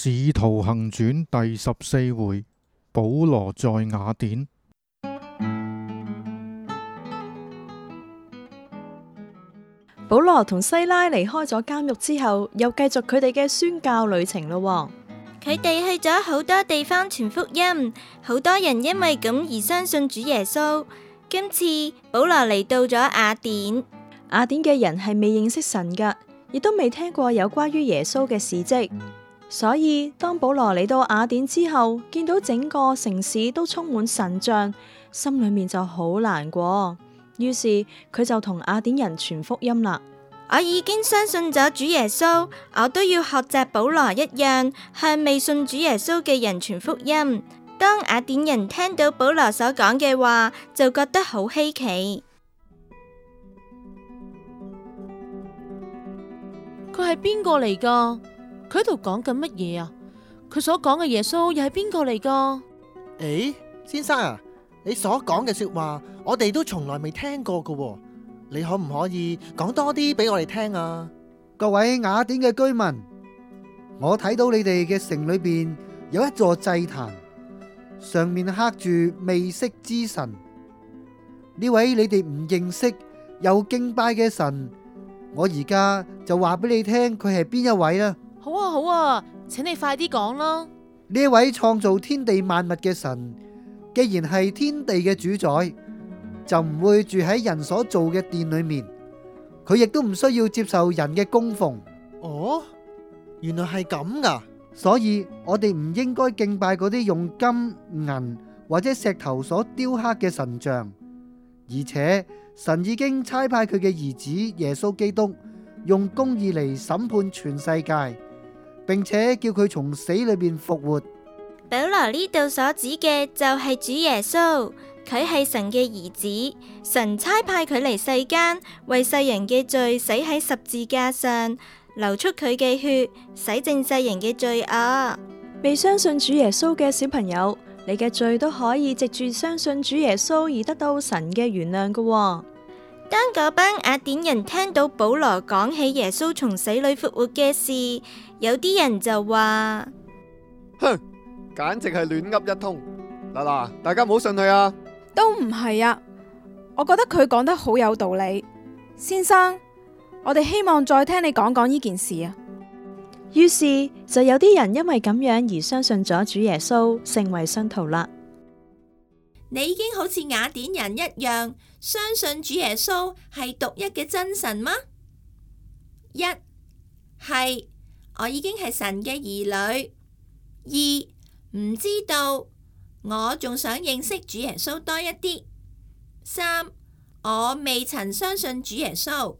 《使徒行傳》第十四回，保羅在雅典。保羅同西拉離開咗監獄之後，又繼續佢哋嘅宣教旅程咯。佢哋去咗好多地方傳福音，好多人因為咁而相信主耶穌。今次保羅嚟到咗雅典，雅典嘅人係未認識神㗎，亦都未聽過有關於耶穌嘅事蹟。所以，當保羅嚟到雅典之後，見到整個城市都充滿神像，心裏面就好難過。於是佢就同雅典人傳福音啦。我已經相信咗主耶穌，我都要學習保羅一樣，向未信主耶穌嘅人傳福音。當雅典人聽到保羅所講嘅話，就覺得好稀奇。佢係邊個嚟㗎？佢喺度講緊乜嘢啊？佢所講嘅耶穌又係邊個嚟噶？誒、哎，先生啊，你所講嘅說話我哋都從來未聽過噶，你可唔可以講多啲俾我哋聽啊？各位雅典嘅居民，我睇到你哋嘅城裏面有一座祭壇，上面刻住未識之神。呢位你哋唔認識又敬拜嘅神，我而家就話俾你聽，佢係邊一位啦。好啊，請你快啲講咯。呢位創造天地萬物嘅神，既然係天地嘅主宰，就唔會住喺人所做嘅殿裏面。佢亦都唔需要接受人嘅供奉。哦，原來係咁噶。所以我哋唔應該敬拜嗰啲用金銀或者石頭所雕刻嘅神像，而且神已經差派佢嘅兒子耶穌基督用公義嚟審判全世界。並且叫佢從死裏邊復活。保羅呢度所指嘅就係主耶穌，佢係神嘅兒子，神差派佢嚟世間為世人嘅罪死喺十字架上，流出佢嘅血，洗淨世人嘅罪惡。未相信主耶穌嘅小朋友，你嘅罪都可以藉住相信主耶穌而得到神嘅原諒噶。當嗰班雅典人聽到保羅講起耶穌從死裏復活嘅事，有啲人就話：哼，簡直係亂噏一通！嗱嗱，大家唔好信佢啊！都唔係啊，我覺得佢講得好有道理，先生，我哋希望再聽你講講呢件事啊！於是就有啲人因為咁樣而相信咗主耶穌，成為信徒啦。你已經好似雅典人一樣，相信主耶穌係獨一嘅真神嗎？一係我已經係神嘅兒女，二，唔知道，我仲想認識主耶穌多一啲，三，我未曾相信主耶穌。